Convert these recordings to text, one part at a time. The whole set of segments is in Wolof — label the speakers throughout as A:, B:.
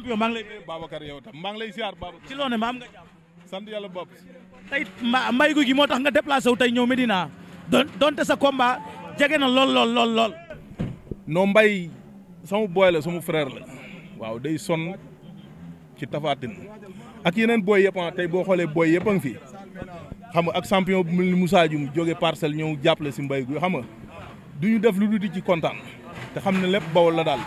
A: champion maa ngi lay Babacar yow tam maa ngi lay ziar Babacar ci loo ne am nga sant yàlla bopp
B: tey mbay gu gi moo tax nga déplacé wu tey ñëw Medina don donte sa komba jege na lool lool lool lool mbay sama boy la sama frère
A: la waaw day son ci tafaatin ak yeneen booy yëpp ah, tey boo xoolee booy yëpp a ngi fi xam nga ak champion bu mel ni Moussa Dioum jóge parcelle ñëw jàppale si mbay gu xam nga du ñu def lu dul di ci kontaan te xam ne lépp bawol la daal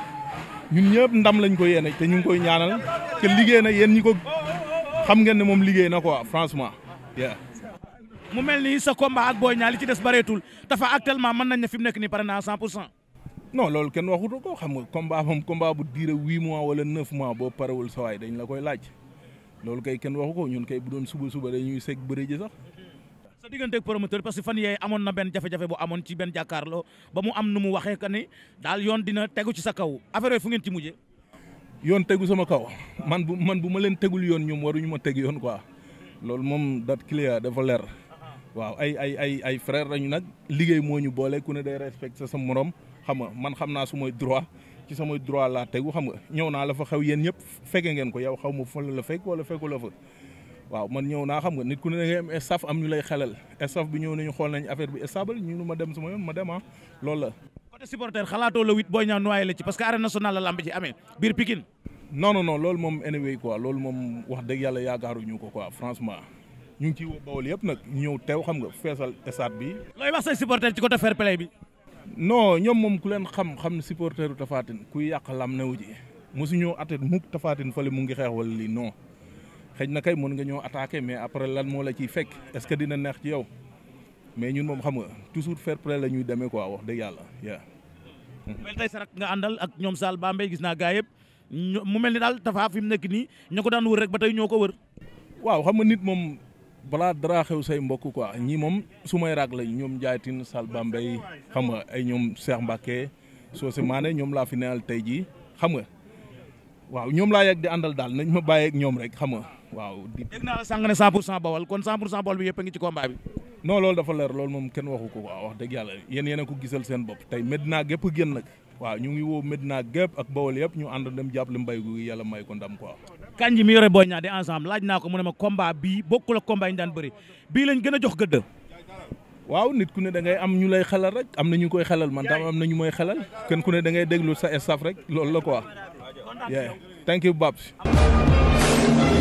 A: ñun ñëpp ndam lañ ko yéene te ñu ngi koy
B: ñaanal te liggéey na yéen ñi ko xam ngeen ne moom liggéey na quoi franchement. mu mel ni sa combat ak Boy Niang li ci des bareetul dafa actuellement mën nañ ne fi mu nekk nii pare na 100 pour cent.
A: non loolu kenn waxutu ko xam nga combat moom combat bu diire huit mois wala neuf mois boo parewul sa waay dañ la koy laaj loolu kay kenn waxu ko ñun kay bu doon suba suba dañuy seg bëri ji
B: sax. sa diggante ak promoteur parce que fan yee amoon na benn jafe-jafe bu amoon ci benn jàkkaarloo ba mu am nu mu waxee que ni daal yoon dina tegu ci sa kaw affaire fu ngeen ci mujjee. yoon tegu
A: sama kaw man bu man bu ma leen tegul yoon ñoom waruñu ma teg yoon quoi loolu moom dat clear dafa leer uh-huh. waaw ay ay ay ay frère lañu nag liggéey moo ñu boole ku ne day respecté sa morom xam nga man xam naa su sumay droit ci samay droit laa tegu xam ñëw naa la fa xew yéen ñëpp fekke ngeen ko yow xaw ma fa la fekk wala fekku la waaw man ñëw naa xam nga nit ku ne da am staff am ñu lay xelal staff bi ñëw nañu xool nañ affaire bi stable ñu nu ma dem sama yoon ma dem ah loolu la.
B: côté supporter xalaatoo la huit booy ñaan noyé la ci parce que arène nationale
A: loolu moom anyway quoi loolu moom wax dëgg yàlla yaakaaruñu ko quoi franchement
B: ñu ngi ciy woo Bawol
A: yëpp nag ñëw teew xam nga feesal stade bi.
B: looy wax say supporter ci côté fair play bi.
A: non ñoom moom ku leen xam xam ne supporteru Tapha Tine kuy yàq lam newu ji mosu ñëw atet mukk Tapha Tine fële mu ngi xeex wala lii non. xëj na kay mën nga ñoo attaqué mais après lan moo la ciy fekk est-ce que dina neex ci yow mais ñun moom xam nga toujours fair play la ñuy demee quoi wax dëgg yàlla
B: yaa. mel tey nga àndal ak ñoom Sall Bambey gis naa gaa yëpp mu mel ni daal Tapha fi mu nekk nii ña ko daan wër rek ñoo ko wër. waaw xam nga nit moom balaa dara
A: xew say mbokk quoi ñii moom su may raag lañ ñoom Ndiaytine Sall Bambey xam nga ay ñoom Cheikh Mbacke soo si maane ñoom laa fi neyal tey jii xam nga waaw ñoom laa yegg di àndal daal nañ ma bàyyeek ñoom rek xam nga. waaw dégg naa la sànq
B: ne 100 pour cent bawal kon 100 pour cent
A: bawal bi yëpp a ngi ci combat bi non loolu dafa leer loolu moom kenn waxu ko waaw wax dëgg yàlla yéen yéen a ko gisal seen bopp tey Medina gépp génn nag waaw ñu ngi woo Medina gépp ak bawal yëpp ñu ànd dem jàppale mbay gu yàlla may
B: ko ndam quoi kanji mi yore booy ñaa di ensemble laaj naa ko mu ne ma combat bii bokkul ak combat yi ñu daan bëri bii lañ gën a jox gëdd waaw nit ku ne da ngay am ñu lay xelal rek am na ñu koy xelal man
A: tam am na ñu mooy xelal kenn ku ne da ngay déglu sa staff rek loolu la quoi yeah thank you Babs